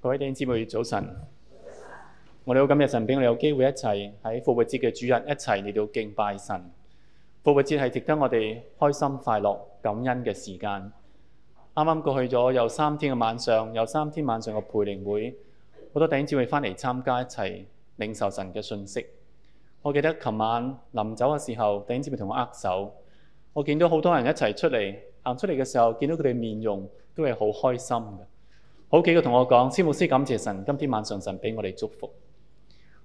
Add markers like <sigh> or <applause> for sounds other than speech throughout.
各位弟兄姊，姊妹，早晨！我哋好，今日神俾我哋有機會一齊喺復活節嘅主日一齊嚟到敬拜神。復活節係值得我哋開心、快樂、感恩嘅時間。啱啱過去咗有三天嘅晚上，有三天晚上嘅培靈會，好多弟兄姊，姊妹翻嚟參加一齊領受神嘅信息。我記得琴晚臨走嘅時候，弟兄姊，姊妹同我握手，我見到好多人一齊出嚟行出嚟嘅時候，見到佢哋面容都係好開心嘅。好幾個同我講，師母師感謝神，今天晚上神俾我哋祝福。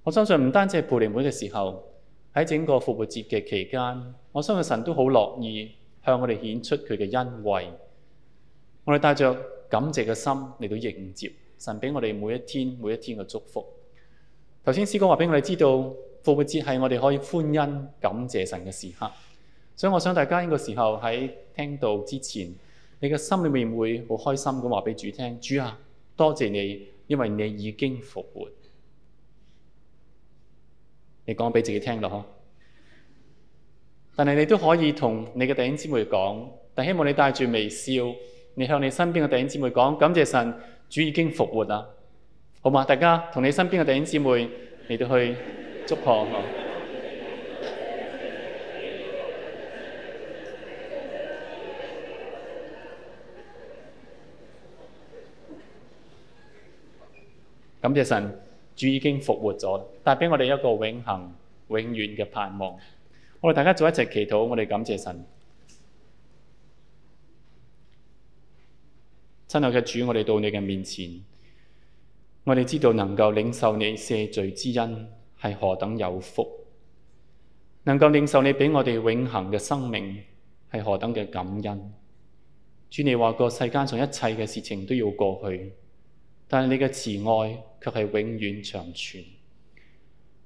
我相信唔單止係培靈會嘅時候，喺整個復活節嘅期間，我相信神都好樂意向我哋顯出佢嘅恩惠。我哋帶著感謝嘅心嚟到迎接神俾我哋每一天每一天嘅祝福。頭先詩歌話俾我哋知道，復活節係我哋可以歡欣感謝神嘅時刻。所以我想大家呢個時候喺聽道之前。你嘅心裏面會好開心咁話俾主聽，主啊，多謝你，因為你已經復活。你講俾自己聽咯，但係你都可以同你嘅弟兄姐妹講，但希望你帶住微笑，你向你身邊嘅弟兄姐妹講，感謝神，主已經復活啦，好嘛？大家同你身邊嘅弟兄姐妹你都去祝福。感謝神，主已經復活咗，帶畀我哋一個永恒、永遠嘅盼望。我哋大家再一齊祈禱，我哋感謝神。親愛嘅主，我哋到你嘅面前，我哋知道能夠領受你赦罪之恩係何等有福，能夠領受你畀我哋永恒嘅生命係何等嘅感恩。主你，你話過世間上一切嘅事情都要過去，但你嘅慈愛。卻係永遠長存，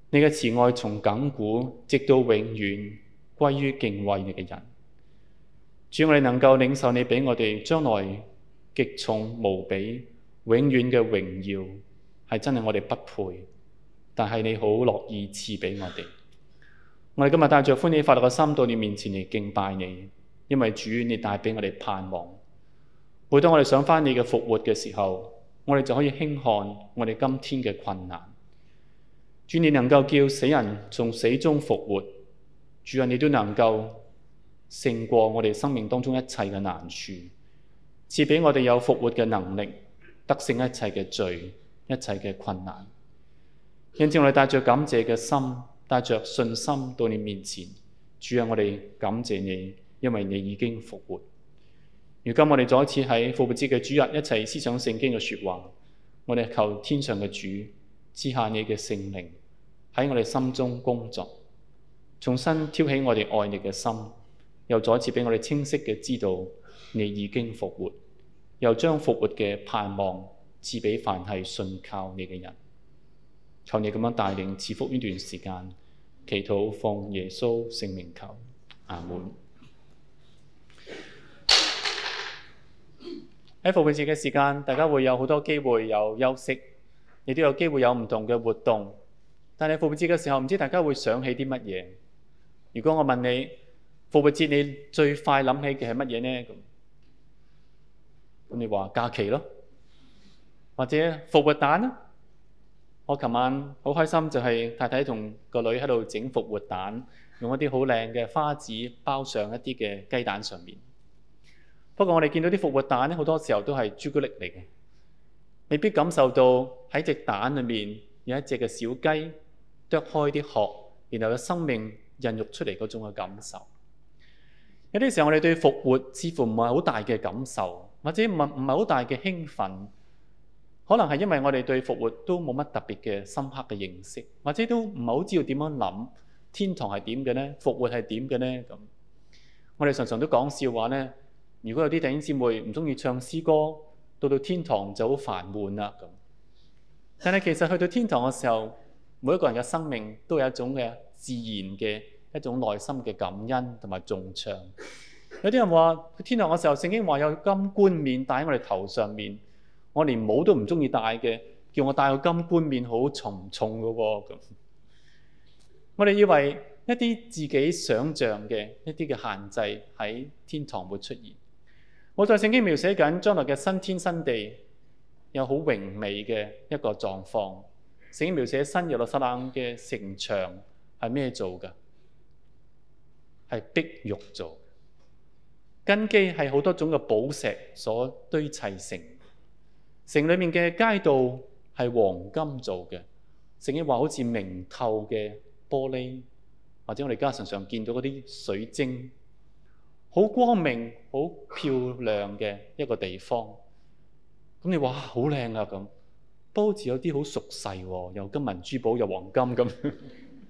你嘅慈愛從亘古直到永遠歸於敬畏你嘅人。只要我哋能夠領受你俾我哋將來極重無比、永遠嘅榮耀，係真係我哋不配，但係你好樂意賜俾我哋。我哋今日帶着歡喜快樂嘅心到你面前嚟敬拜你，因為主你帶畀我哋盼望。每當我哋想返你嘅復活嘅時候，我哋就可以輕看我哋今天嘅困難。主，你能夠叫死人從死中復活，主啊，你都能夠勝過我哋生命當中一切嘅難處，賜俾我哋有復活嘅能力，得勝一切嘅罪、一切嘅困難。因此我哋帶着感謝嘅心，帶着信心到你面前。主啊，我哋感謝你，因為你已經復活。如今我哋再一次喺復活節嘅主日，一齊思想聖經嘅說話。我哋求天上嘅主賜下你嘅聖靈喺我哋心中工作，重新挑起我哋愛你嘅心，又再一次俾我哋清晰嘅知道你已經復活，又將復活嘅盼望賜俾凡係信靠你嘅人。求你咁樣帶領賜福呢段時間。祈禱奉耶穌聖名求阿門。喺復活節嘅時間，大家會有好多機會有休息，亦都有機會有唔同嘅活動。但係復活節嘅時候，唔知大家會想起啲乜嘢？如果我問你，復活節你最快諗起嘅係乜嘢呢？咁，你話假期咯，或者復活蛋啦、啊。我琴晚好開心，就係太太同個女喺度整復活蛋，用一啲好靚嘅花紙包上一啲嘅雞蛋上面。不過我哋見到啲復活蛋咧，好多時候都係朱古力嚟嘅，未必感受到喺隻蛋裏面有一隻嘅小雞啄開啲殼，然後有生命孕育出嚟嗰種嘅感受。有啲時候我哋對復活似乎唔係好大嘅感受，或者唔唔係好大嘅興奮，可能係因為我哋對復活都冇乜特別嘅深刻嘅認識，或者都唔係好知道點樣諗天堂係點嘅咧，復活係點嘅咧咁。我哋常常都講笑話咧。如果有啲弟兄姊妹唔中意唱詩歌，到到天堂就好煩悶啦咁。但係其實去到天堂嘅時候，每一個人嘅生命都有一種嘅自然嘅一種內心嘅感恩同埋重唱。有啲人話天堂嘅時候，聖經話有金冠面戴喺我哋頭上面，我連帽都唔中意戴嘅，叫我戴個金冠面好沉重嘅喎咁。我哋以為一啲自己想象嘅一啲嘅限制喺天堂會出現。我在聖經描寫緊將來嘅新天新地，有好榮美嘅一個狀況。聖經描寫新耶路撒冷嘅城牆係咩做嘅？係碧玉做的，根基係好多種嘅寶石所堆砌成的。城裡面嘅街道係黃金做嘅，聖經話好似明透嘅玻璃，或者我哋家常常見到嗰啲水晶。好光明、好漂亮嘅一個地方，咁你哇，好靚啊！咁，都好似有啲好熟悉、啊，有金銀珠寶、有黃金咁。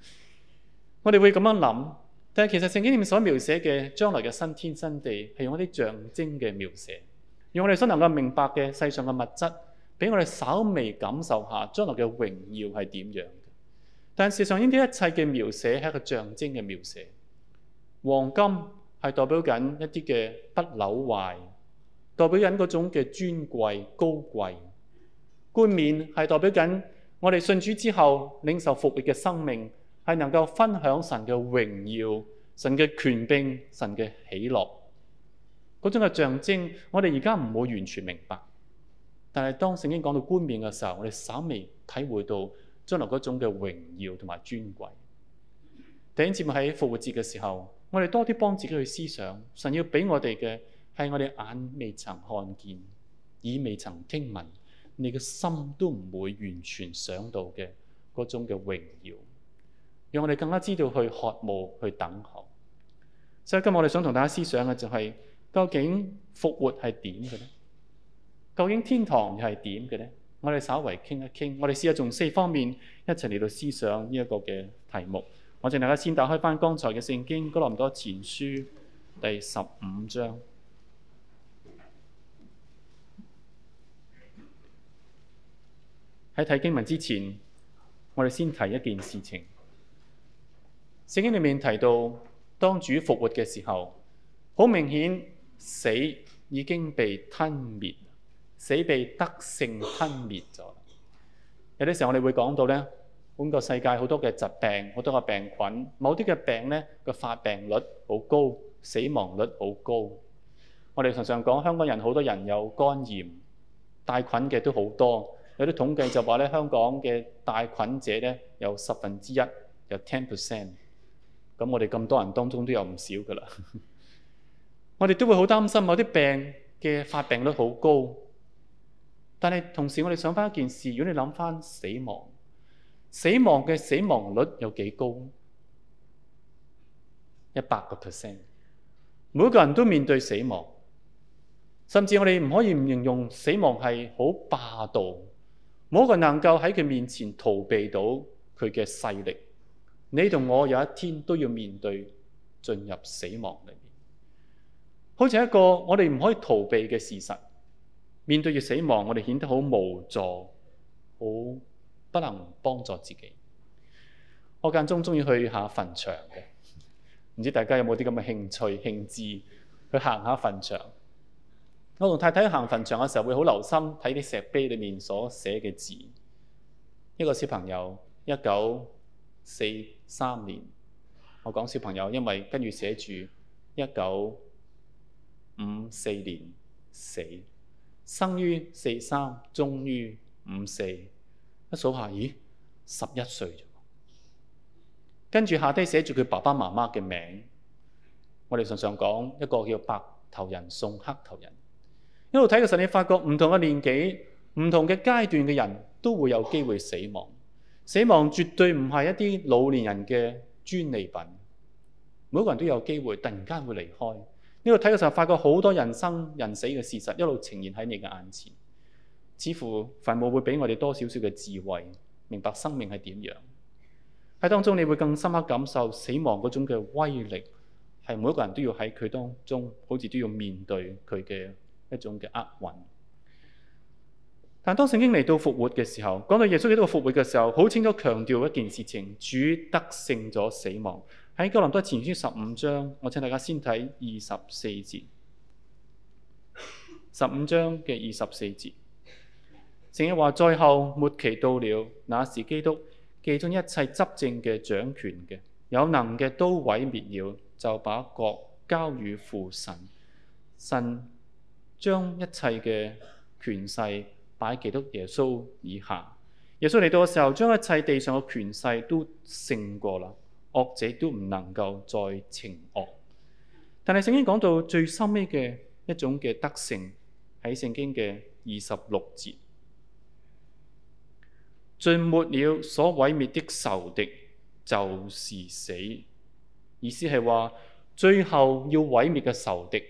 <laughs> 我哋會咁樣諗，但係其實聖經裏面所描寫嘅將來嘅新天新地係用一啲象徵嘅描寫，用我哋所能夠明白嘅世上嘅物質，俾我哋稍微感受下將來嘅榮耀係點樣。但事實上呢啲一切嘅描寫係一個象徵嘅描寫，黃金，係代表緊一啲嘅不朽壞，代表緊嗰種嘅尊貴高貴。冠冕係代表緊我哋信主之後領受復活嘅生命，係能夠分享神嘅榮耀、神嘅權柄、神嘅喜樂。嗰種嘅象徵，我哋而家唔會完全明白，但係當聖經講到冠冕嘅時候，我哋稍微體會到將來嗰種嘅榮耀同埋尊貴。第二節目喺復活節嘅時候。我哋多啲幫自己去思想，神要俾我哋嘅係我哋眼未曾看見，耳未曾聽聞，你嘅心都唔會完全想到嘅嗰種嘅榮耀，讓我哋更加知道去渴慕去等候。所以今日我哋想同大家思想嘅就係，究竟復活係點嘅咧？究竟天堂又係點嘅咧？我哋稍為傾一傾，我哋試下從四方面一齊嚟到思想呢一個嘅題目。我請大家先打開翻剛才嘅聖經《哥林多前書》第十五章。喺睇經文之前，我哋先提一件事情。聖經裏面提到，當主復活嘅時候，好明顯死已經被吞滅，死被得勝吞滅咗。有啲時候我哋會講到呢。本個世界好多嘅疾病，好多個病菌，某啲嘅病咧個發病率好高，死亡率好高。我哋常常講香港人好多人有肝炎，帶菌嘅都好多。有啲統計就話咧，香港嘅帶菌者咧有十分之一，有 ten percent。咁我哋咁多人當中都有唔少㗎啦。 <laughs> 我哋都會好擔心某啲病嘅發病率好高，但係同時我哋想翻一件事，如果你諗翻死亡。死亡嘅死亡率有幾高？一百個 percent，每個人都面對死亡，甚至我哋唔可以唔形容死亡係好霸道，冇一個人能夠喺佢面前逃避到佢嘅勢力。你同我有一天都要面對進入死亡裏面。好似一個我哋唔可以逃避嘅事實。面對住死亡，我哋顯得好無助，好。不能幫助自己。我間中中意去下墳場嘅，唔知大家有冇啲咁嘅興趣、興致去行下墳場？我同太太行墳場嘅時候，會好留心睇啲石碑裏面所寫嘅字。一個小朋友一九四三年，我講小朋友，因為跟住寫住一九五四年死，生於四三，終於五四。一數下，咦？十一歲啫。跟住下低寫住佢爸爸媽媽嘅名。我哋常常講一個叫白頭人送黑頭人。一路睇嘅時候，你發覺唔同嘅年紀、唔同嘅階段嘅人都會有機會死亡。死亡絕對唔係一啲老年人嘅專利品。每一個人都有機會突然間會離開。一路睇嘅時候，發覺好多人生人死嘅事實一路呈現喺你嘅眼前。似乎墳墓會俾我哋多少少嘅智慧，明白生命係點樣。喺當中你會更深刻感受死亡嗰種嘅威力，係每一個人都要喺佢當中，好似都要面對佢嘅一種嘅厄運。但係當聖經嚟到復活嘅時候，講到耶穌基督復活嘅時候，好清楚強調一件事情：主得勝咗死亡。喺《哥林多前書》十五章，我請大家先睇二十四節，十五章嘅二十四節。聖經話最後，末期到了，那時基督既將一切執政嘅掌權嘅有能嘅都毀滅了，就把國交與父神。神將一切嘅權勢擺喺基督耶穌以下。耶穌嚟到嘅時候，將一切地上嘅權勢都勝過喇。惡者都唔能夠再行惡。但係聖經講到最深尾嘅一種嘅德性，喺聖經嘅二十六節。最末了，所毀滅的仇敵就是死，意思係話最後要毀滅嘅仇敵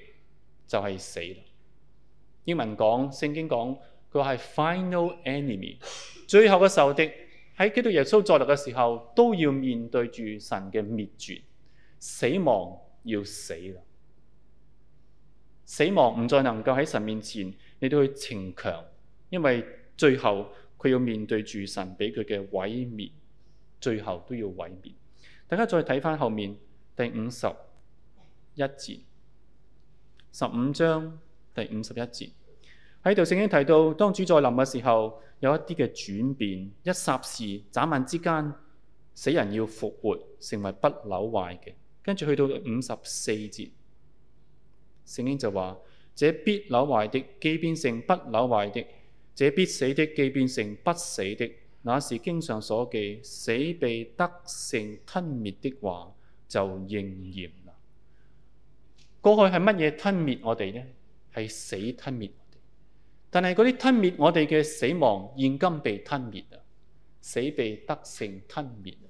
就係死啦。英文講，聖經講佢係 final enemy，最後嘅仇敵喺基督耶穌作立嘅時候都要面對住神嘅滅絕，死亡要死啦，死亡唔再能夠喺神面前你都去逞強，因為最後。佢要面對住神畀佢嘅毀滅，最後都要毀滅。大家再睇返後面第五十一節，十五章第五十一節喺度聖經提到，當主再臨嘅時候有一啲嘅轉變，一霎時，眨眼之間，死人要復活成為不朽壞嘅。跟住去到五十四節，聖經就話：這必朽壞的，既變成不朽壞的。這必死的，既變成不死的，那是經上所記，死被得勝吞滅的話，就應驗啦。過去係乜嘢吞滅我哋呢？係死吞滅我哋。但係嗰啲吞滅我哋嘅死亡，現今被吞滅啊！死被得勝吞滅啊！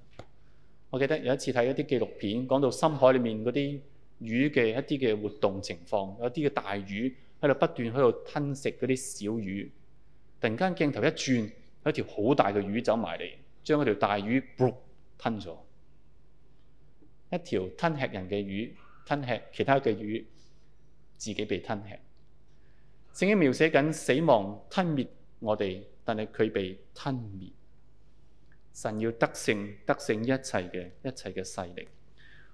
我記得有一次睇一啲紀錄片，講到深海裏面嗰啲魚嘅一啲嘅活動情況，有啲嘅大魚喺度不斷喺度吞食嗰啲小魚。突然間鏡頭一轉，有一條好大嘅魚走埋嚟，將嗰條大魚噗吞咗。一條吞吃人嘅魚，吞吃其他嘅魚，自己被吞吃。聖經描寫緊死亡吞滅我哋，但係佢被吞滅。神要得勝，得勝一切嘅一切嘅勢力。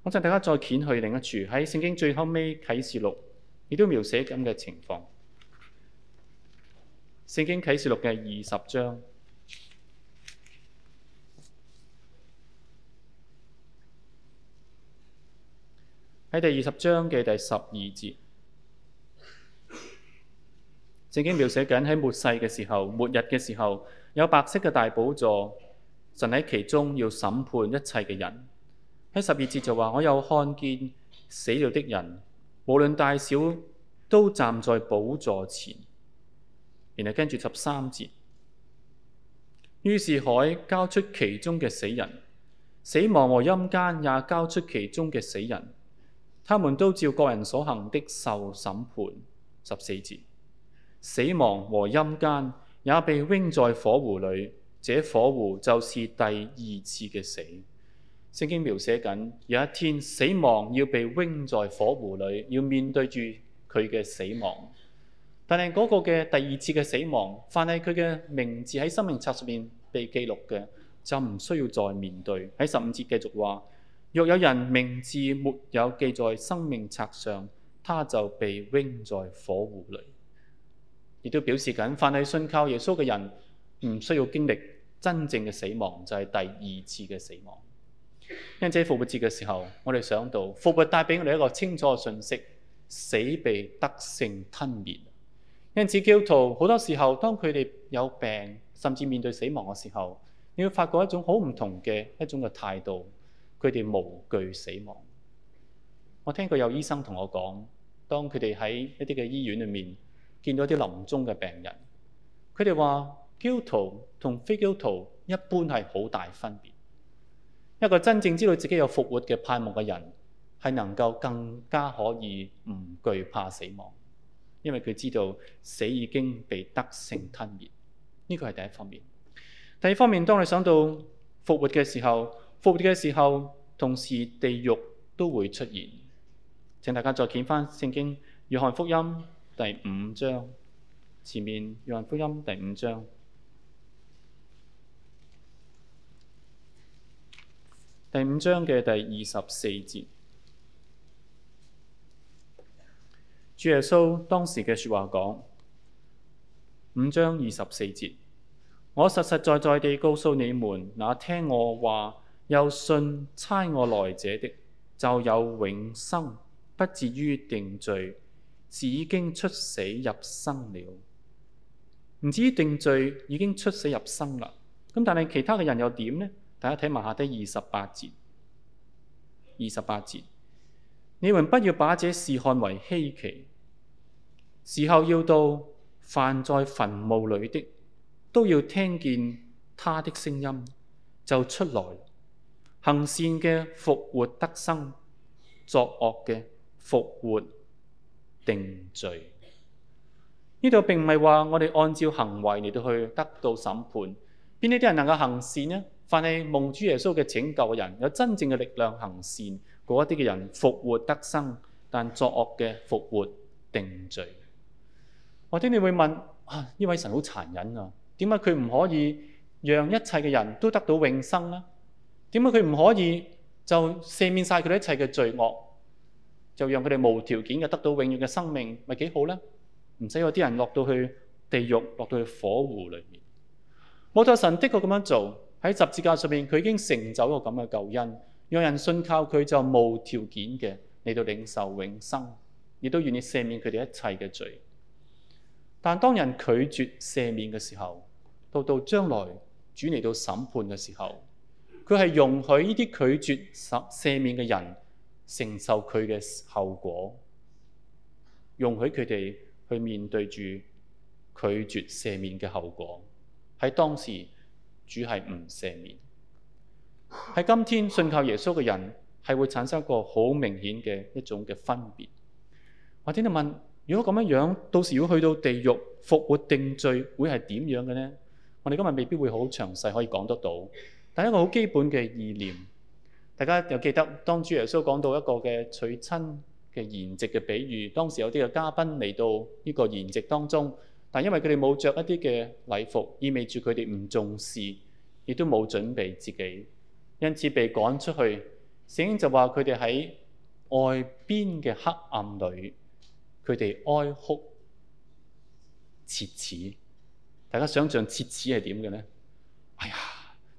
我想大家再掀去另一處，喺聖經最後尾啟示錄，亦都描寫咁嘅情況。聖經啟示錄嘅二十章，喺第二十章嘅第十二節，聖經描寫緊喺末世嘅時候，末日嘅時候，有白色嘅大寶座，神喺其中要審判一切嘅人。喺十二節就話：我又看見死了的人，無論大小，都站在寶座前。然後跟住十三節，於是海交出其中嘅死人，死亡和陰間也交出其中嘅死人，他們都照各人所行的受審判。十四節，死亡和陰間也被扔在火湖裏，這火湖就是第二次嘅死。聖經描寫緊有一天死亡要被扔在火湖裏，要面對住佢嘅死亡。但係嗰個嘅第二次嘅死亡，凡係佢嘅名字喺生命冊上面被記錄嘅，就唔需要再面對。喺十五節繼續話，若有人名字沒有記在生命冊上，他就被扔在火湖裏。亦都表示緊，凡係信靠耶穌嘅人，唔需要經歷真正嘅死亡，就係、是、第二次嘅死亡。因此復活節嘅時候，我哋想到復活帶俾我哋一個清楚嘅信息：死被得勝吞滅。因此，基督徒好多時候，當佢哋有病，甚至面對死亡嘅時候，你會發覺一種好唔同嘅一種嘅態度。佢哋無懼死亡。我聽過有醫生同我講，當佢哋喺一啲嘅醫院裏面見到啲臨終嘅病人，佢哋話，基督徒同非基督徒一般係好大分別。一個真正知道自己有復活嘅盼望嘅人，係能夠更加可以唔懼怕死亡。因為佢知道死已經被得勝吞滅，呢個係第一方面。第二方面，當你想到復活嘅時候，復活嘅時候，同時地獄都會出現。請大家再檢翻聖經《約翰福音》第五章前面，《約翰福音》第五章第五章嘅第二十四節。主耶穌當時嘅說話講，五章二十四節，我實實在在地告訴你們，那聽我話又信差我來者的就有永生，不至於定罪，是已經出死入生了。唔至於定罪，已經出死入生啦。咁但係其他嘅人又點呢？大家睇埋下低二十八節，二十八節，你們不要把這事看為稀奇。時候要到，凡在墳墓裏的都要聽見他的聲音，就出來。行善嘅復活得生，作惡嘅復活定罪。呢度並唔係話我哋按照行為嚟到去得到審判，邊啲啲人能夠行善呢？凡係蒙主耶穌嘅拯救嘅人，有真正嘅力量行善，嗰一啲嘅人復活得生，但作惡嘅復活定罪。或者你會問：啊，呢位神好殘忍啊？點解佢唔可以讓一切嘅人都得到永生呢？點解佢唔可以就赦免晒佢哋一切嘅罪惡，就讓佢哋無條件嘅得到永遠嘅生命，咪幾好呢？唔使有啲人落到去地獄，落到去火湖裏面。摩太神的確咁樣做喺十字架上面，佢已經成就咗咁嘅救恩，讓人信靠佢就無條件嘅嚟到領受永生，亦都願意赦免佢哋一切嘅罪。但當人拒絕赦免嘅時候，到到將來主嚟到審判嘅時候，佢係容許呢啲拒絕赦免嘅人承受佢嘅後果，容許佢哋去面對住拒絕赦免嘅後果。喺當時主係唔赦免，喺今天信靠耶穌嘅人係會產生一個好明顯嘅一種嘅分別。我聽到問。如果咁樣樣，到時如果去到地獄復活定罪，會係點樣嘅呢？我哋今日未必會好詳細可以講得到，但係一個好基本嘅意念，大家又記得當主耶穌講到一個嘅娶親嘅筵席嘅比喻，當時有啲嘅嘉賓嚟到呢個筵席當中，但因為佢哋冇着一啲嘅禮服，意味住佢哋唔重視，亦都冇準備自己，因此被趕出去。聖經就話佢哋喺外邊嘅黑暗裏。佢哋哀哭、切齒，大家想象切齒係點嘅咧？哎呀，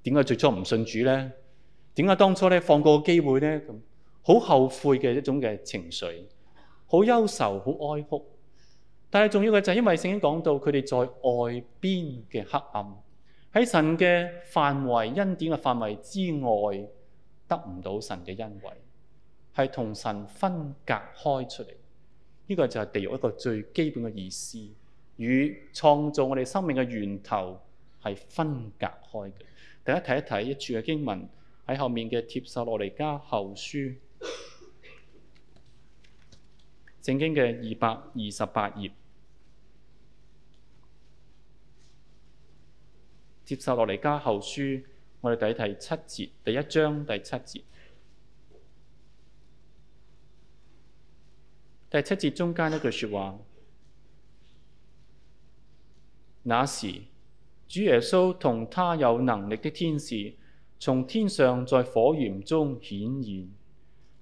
點解最初唔信主咧？點解當初咧放過個機會咧？咁好後悔嘅一種嘅情緒，好憂愁、好哀，哀哭。但係重要嘅就係，因為聖經講到佢哋在外邊嘅黑暗，喺神嘅範圍恩典嘅範圍之外，得唔到神嘅恩惠，係同神分隔開出嚟。呢個就係地獄一個最基本嘅意思，與創造我哋生命嘅源頭係分隔開嘅。大家睇一睇一處嘅經文喺後面嘅《帖撒羅尼迦後書》，正經嘅二百二十八頁，《帖撒羅尼迦後書》我，我哋睇第七節，第一章第七節。第七節中間一句説話：那時主耶穌同他有能力的天使從天上在火焰中顯現，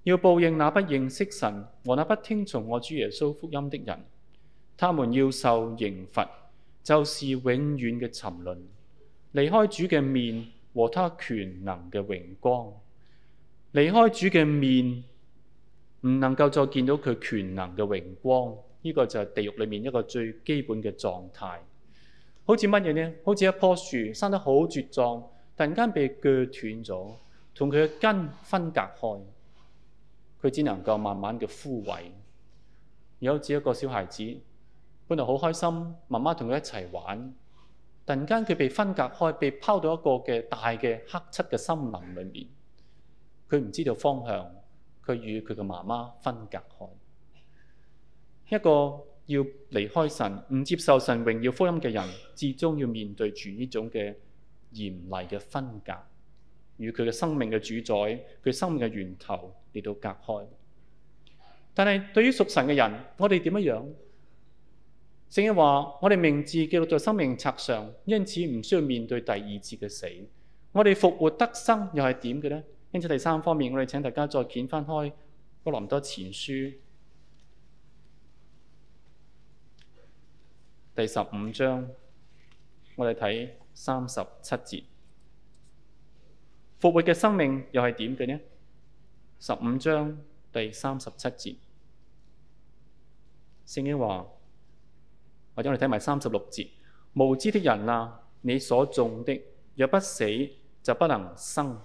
要報應那不認識神和那不聽從我主耶穌福音的人，他們要受刑罰，就是永遠嘅沉淪，離開主嘅面和他權能嘅榮光，離開主嘅面。唔能夠再見到佢權能嘅榮光，呢個就係地獄裏面一個最基本嘅狀態。好似乜嘢呢？好似一棵樹生得好茁壯，突然間被鋸斷咗，同佢嘅根分隔開，佢只能夠慢慢嘅枯萎。又好似一個小孩子，本來好開心，媽媽同佢一齊玩，突然間佢被分隔開，被拋到一個嘅大嘅黑漆嘅森林裏面，佢唔知道方向。佢與佢嘅媽媽分隔開，一個要離開神，唔接受神榮耀福音嘅人，至終要面對住呢種嘅嚴厲嘅分隔，與佢嘅生命嘅主宰，佢生命嘅源頭嚟到隔開。但係對於屬神嘅人，我哋點樣？聖經話我哋名字記錄在生命冊上，因此唔需要面對第二次嘅死。我哋復活得生又係點嘅呢？因此，第三方面，我哋請大家再揭翻開《哥林多前書》第十五章，我哋睇三十七節復活嘅生命又係點嘅呢？十五章第三十七節聖經話：我哋睇埋三十六節，無知的人啊，你所種的若不死，就不能生。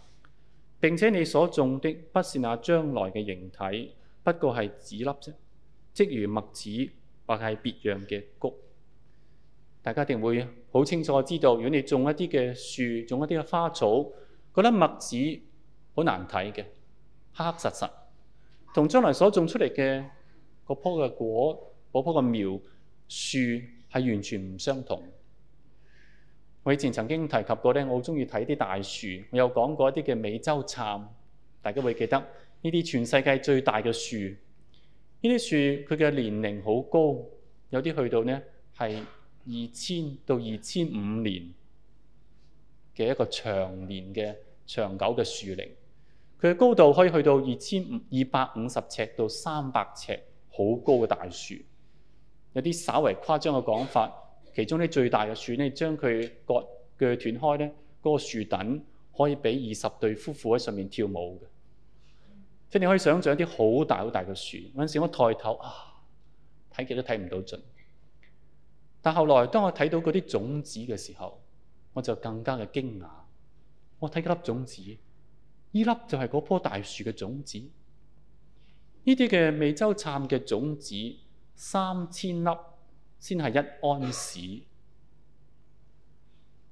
並且你所種的不是那將來嘅形體，不過係子粒啫，即如麥子，或係別樣嘅穀。大家一定會好清楚知道，如果你種一啲嘅樹，種一啲嘅花草，嗰粒麥子好難睇嘅，黑黑實實，同將來所種出嚟嘅嗰棵嘅果、嗰棵嘅苗、樹係完全唔相同。我以前曾經提及過呢，我好鍾意睇啲大樹。我有講過一啲嘅美洲杉，大家會記得呢啲全世界最大嘅樹。呢啲樹佢嘅年齡好高，有啲去到呢係二千到二千五年嘅一個長年嘅長久嘅樹齡。佢嘅高度可以去到二千二百五十尺到三百尺，好高嘅大樹。有啲稍為誇張嘅講法。其中啲最大嘅樹咧，將佢腳斷開咧，嗰、那個樹墩可以俾二十對夫婦喺上面跳舞嘅。即係你可以想像一啲好大好大嘅樹。嗰陣時我抬頭啊，睇極都睇唔到盡。但後來當我睇到嗰啲種子嘅時候，我就更加嘅驚訝。我睇嗰粒種子，呢粒就係嗰棵大樹嘅種子。呢啲嘅美洲杉嘅種子三千粒。先係一安士。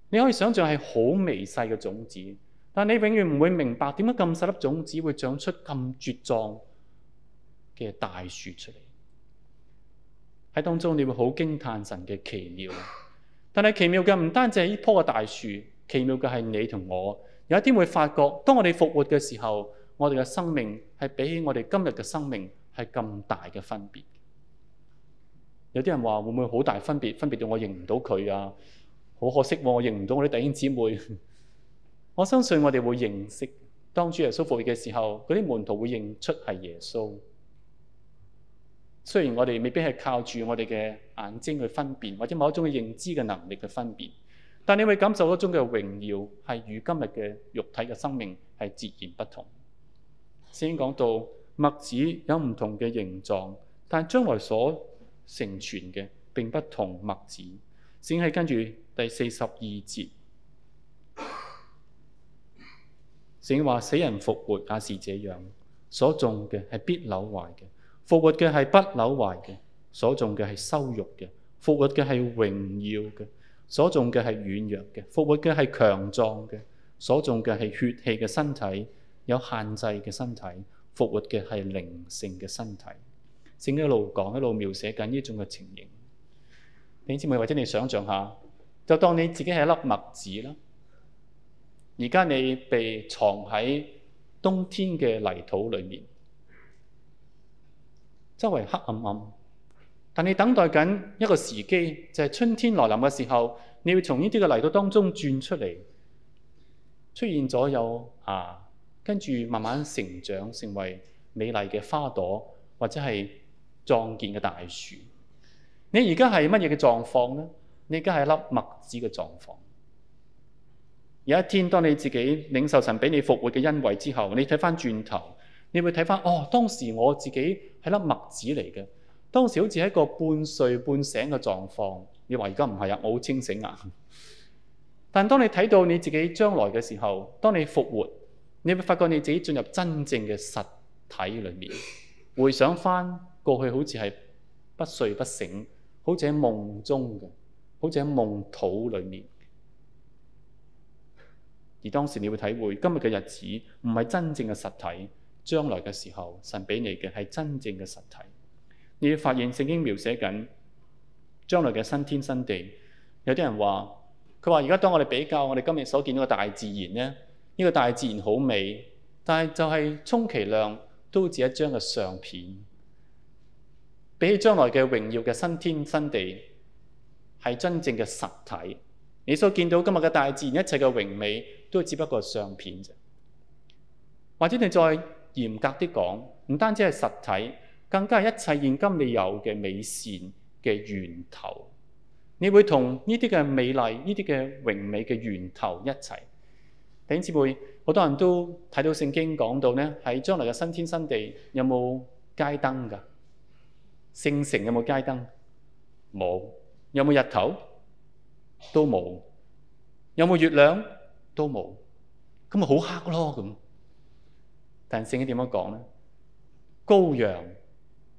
你可以想象，係好微細嘅種子，但你永遠唔會明白點解咁細粒種子會長出咁茁壯嘅大樹出嚟。喺當中你會好驚嘆神嘅奇妙，但係奇妙嘅唔單止係呢棵嘅大樹，奇妙嘅係你同我。有一啲會發覺，當我哋復活嘅時候，我哋嘅生命係比起我哋今日嘅生命係咁大嘅分別。有啲人話會唔會好大分別？分別到我認唔到佢啊！好可惜，啊，我認唔到我啲弟兄姊妹。 <laughs> 我相信我哋會認識當主耶穌復活嘅時候，嗰啲門徒會認出係耶穌。雖然我哋未必係靠住我哋嘅眼睛去分辨，或者某一種嘅認知嘅能力去分辨，但你會感受到一種嘅榮耀係與今日嘅肉體嘅生命係截然不同。先講到麥子有唔同嘅形狀，但將來所成全嘅，並不同麥子。先係跟住第四十二節，先話 <laughs> <laughs> 死人復活也是這樣。所種嘅係必朽壞嘅，復活嘅係不朽壞嘅；所種嘅係羞辱嘅，復活嘅係榮耀嘅；所種嘅係軟弱嘅，復活嘅係強壯嘅；所種嘅係血氣嘅身體，有限制嘅身體，復活嘅係靈性嘅身體。正一路講一路描寫緊呢一種嘅情形，你知唔知？或者你想象下，就當你自己係一粒麥子啦。而家你被藏喺冬天嘅泥土裏面，周圍黑暗暗，但你等待緊一個時機，就係春天來臨嘅時候，你要從呢啲嘅泥土當中轉出嚟，出現咗有啊，跟住慢慢成長成為美麗嘅花朵，或者係～撞見嘅大樹，你而家係乜嘢嘅狀況呢？你而家係粒麥子嘅狀況。有一天當你自己領受神俾你復活嘅恩惠之後，你睇翻轉頭，你會睇翻哦，當時我自己係粒麥子嚟嘅，當時好似係一個半睡半醒嘅狀況。你話而家唔係啊，我好清醒啊。但當你睇到你自己將來嘅時候，當你復活，你會發覺你自己進入真正嘅實體裏面，回想翻。過去好似係不睡不醒，好似喺夢中，好似喺夢土裏面。而當時你會體會，今日嘅日子唔係真正嘅實體。將來嘅時候，神俾你嘅係真正嘅實體。你會發現聖經描寫緊將來嘅新天新地。有啲人話，佢話：而家當我哋比較我哋今日所見到嘅大自然咧，呢，呢個大自然好美，但係就係充其量都好似一張嘅相片。比起將來嘅榮耀嘅新天新地，係真正嘅實體。你所見到今日嘅大自然一切嘅榮美，都只不過是相片。或者你再嚴格啲講，唔單止係實體，更加係一切現今你有嘅美善嘅源頭。你會同呢啲嘅美麗、呢啲嘅榮美嘅源頭一齊。弟兄姊妹，好多人都睇到聖經講到呢，喺將來嘅新天新地有冇街燈噶？聖城有冇街燈？冇。有冇日頭？都冇。有冇月亮？都冇。咁咪好黑咯咁。但聖經點樣講呢？羔羊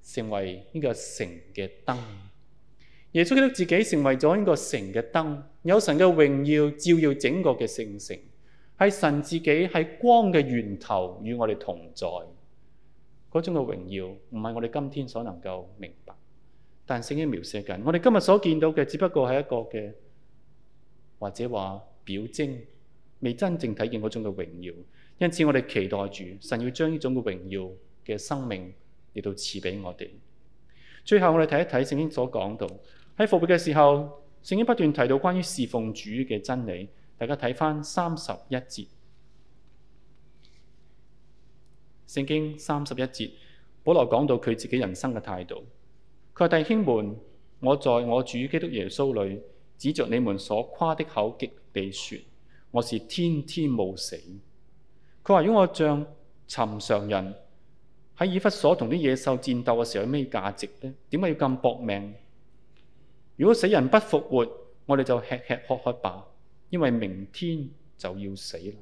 成為呢個城嘅燈。耶穌基督自己成為咗呢個城嘅燈，有神嘅榮耀照耀整個嘅聖城，係神自己喺光嘅源頭，與我哋同在。嗰種嘅榮耀唔係我哋今天所能夠明白，但聖經描寫緊，我哋今日所見到嘅只不過係一個嘅，或者話表徵，未真正體現嗰種嘅榮耀。因此我哋期待住，神要將呢種嘅榮耀嘅生命嚟到賜畀我哋。最後我哋睇一睇聖經所講到喺復活嘅時候，聖經不斷提到關於侍奉主嘅真理。大家睇翻三十一節。聖經三十一節，保羅講到佢自己人生嘅態度。佢話，弟兄們，我在我主基督耶穌裏，指着你們所誇的口極地說，我是天天冒死。佢話，如果我像尋常人喺以弗所同啲野獸戰鬥嘅時候，有咩價值呢？點解要咁搏命？如果死人不復活，我哋就吃吃喝喝吧，因為明天就要死啦。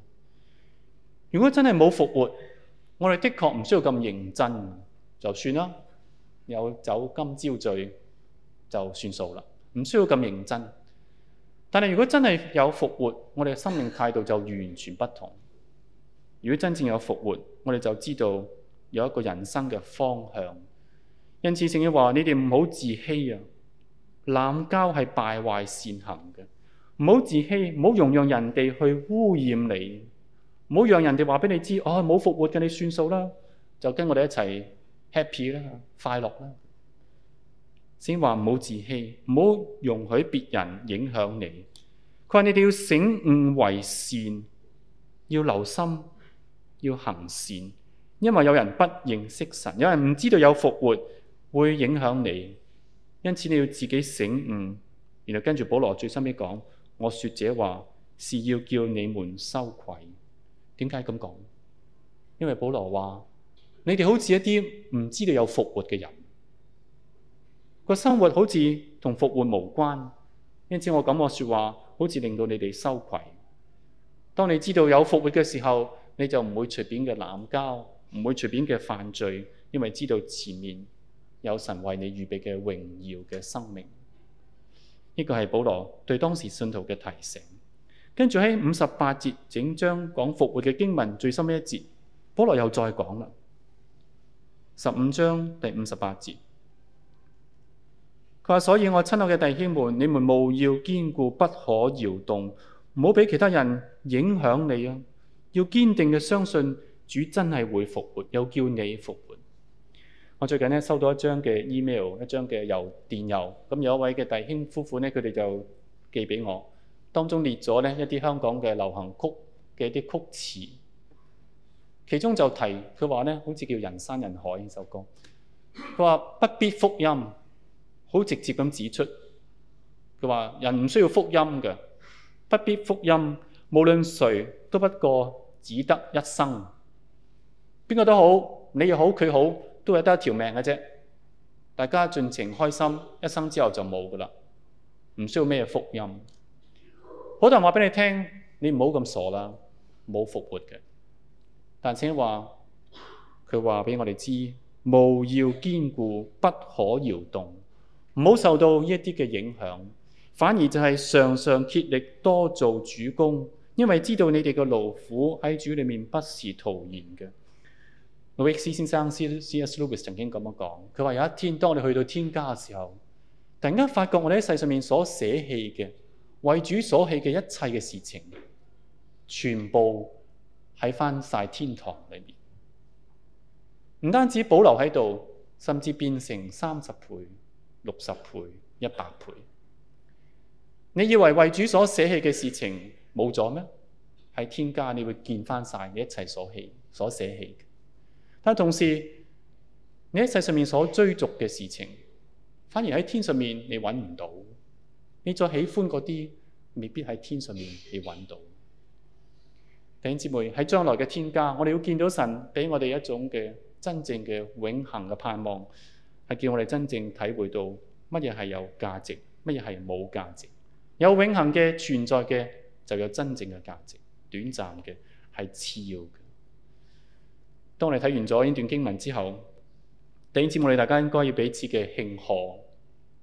如果真係冇復活，我哋的確唔需要咁認真就算啦，有酒今朝醉就算數啦，唔需要咁認真。但係如果真係有復活，我哋嘅生命態度就完全不同。如果真正有復活，我哋就知道有一個人生嘅方向。因此聖經話：你哋唔好自欺啊！濫交係敗壞善行嘅，唔好自欺，唔好容讓人哋去污染你。唔好讓人哋話俾你知，哦，冇復活嘅，你算數啦，就跟我哋一齊 happy 啦了，快樂啦。先話唔好自欺，唔好容許別人影響你。佢話你哋要醒悟為善，要留心，要行善，因為有人不認識神，有人唔知道有復活，會影響你。因此你要自己醒悟，然後跟住保羅最深邊講，我說這話是要叫你們羞愧。點解咁講？因為保羅話：你哋好似一啲唔知道有復活嘅人，個生活好似同復活無關，因此我咁嘅說話好似令到你哋羞愧。當你知道有復活嘅時候，你就唔會隨便嘅濫交，唔會隨便嘅犯罪，因為知道前面有神為你預備嘅榮耀嘅生命。呢個係保羅對當時信徒嘅提醒。跟住喺五十八節整章講復活嘅經文最深嘅一節，保羅又再講喇。十五章第五十八節，佢話：所以我親愛嘅弟兄們，你們務要堅固，不可搖動，唔好俾其他人影響你啊！要堅定嘅相信主真係會復活，又叫你復活。我最近呢收到一張嘅 email，一張嘅郵電郵，咁有一位嘅弟兄夫婦呢，佢哋就寄畀我。當中列咗呢一啲香港嘅流行曲嘅一啲曲詞，其中就提佢話呢好似叫《人山人海》呢首歌。佢話不必福音，好直接咁指出。佢話人唔需要福音嘅，不必福音。無論誰都不過只得一生，邊個都好，你又好佢好，都係得一條命嘅啫。大家盡情開心，一生之後就冇噶啦，唔需要咩福音。嗰度話俾你聽，你唔好咁傻啦，冇復活嘅。但請話，佢話俾我哋知，務要堅固，不可搖動，唔好受到呢一啲嘅影響，反而就係常常竭力多做主工。因為知道你哋嘅勞苦喺主裏面不是徒然嘅。路易斯先生 C. S. Lewis 曾經咁樣講，佢話有一天當我哋去到天家嘅時候，突然間發覺我哋喺世上面所捨棄嘅。為主所起嘅一切嘅事情，全部喺翻晒天堂裏面，唔單止保留喺度，甚至變成三十倍、六十倍、一百倍。你以為為主所捨棄嘅事情冇咗咩？喺天家，你會見翻晒你一切所起、所捨棄嘅。但同時，你喺世上面所追逐嘅事情，反而喺天上面你搵唔到。你再喜歡嗰啲，未必喺天上面你搵到。弟兄姊妹，喺將來嘅天家，我哋要見到神畀我哋一種嘅真正嘅永恆嘅盼望，係叫我哋真正體會到乜嘢係有價值，乜嘢係冇價值。有永恆嘅存在嘅就有真正嘅價值，短暫嘅係次要嘅。當你睇完咗呢段經文之後，弟兄姊妹，大家應該要彼此嘅慶賀。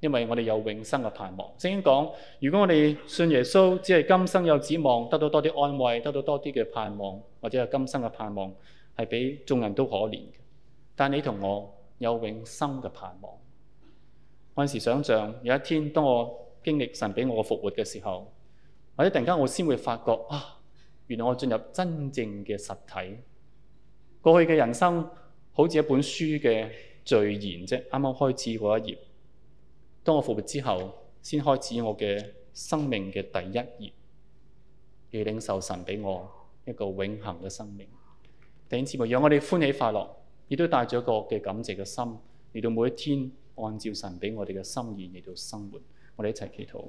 因為我哋有永生嘅盼望。聖經講，如果我哋信耶穌，只係今生有指望，得到多啲安慰，得到多啲嘅盼望，或者有今生嘅盼望，係比眾人都可憐。但你同我有永生嘅盼望。我有時想象，有一天當我經歷神俾我嘅復活嘅時候，或者突然間我先會發覺啊，原來我進入真正嘅實體。過去嘅人生好似一本書嘅序言啫，啱啱開始嗰一頁。當我復活之後，先開始我嘅生命嘅第一頁，而領受神俾我一個永恆嘅生命。弟兄姊妹，讓我哋歡喜快樂，亦都帶咗一個嘅感謝嘅心嚟到每一天，按照神俾我哋嘅心意嚟到生活。我哋一齊祈禱。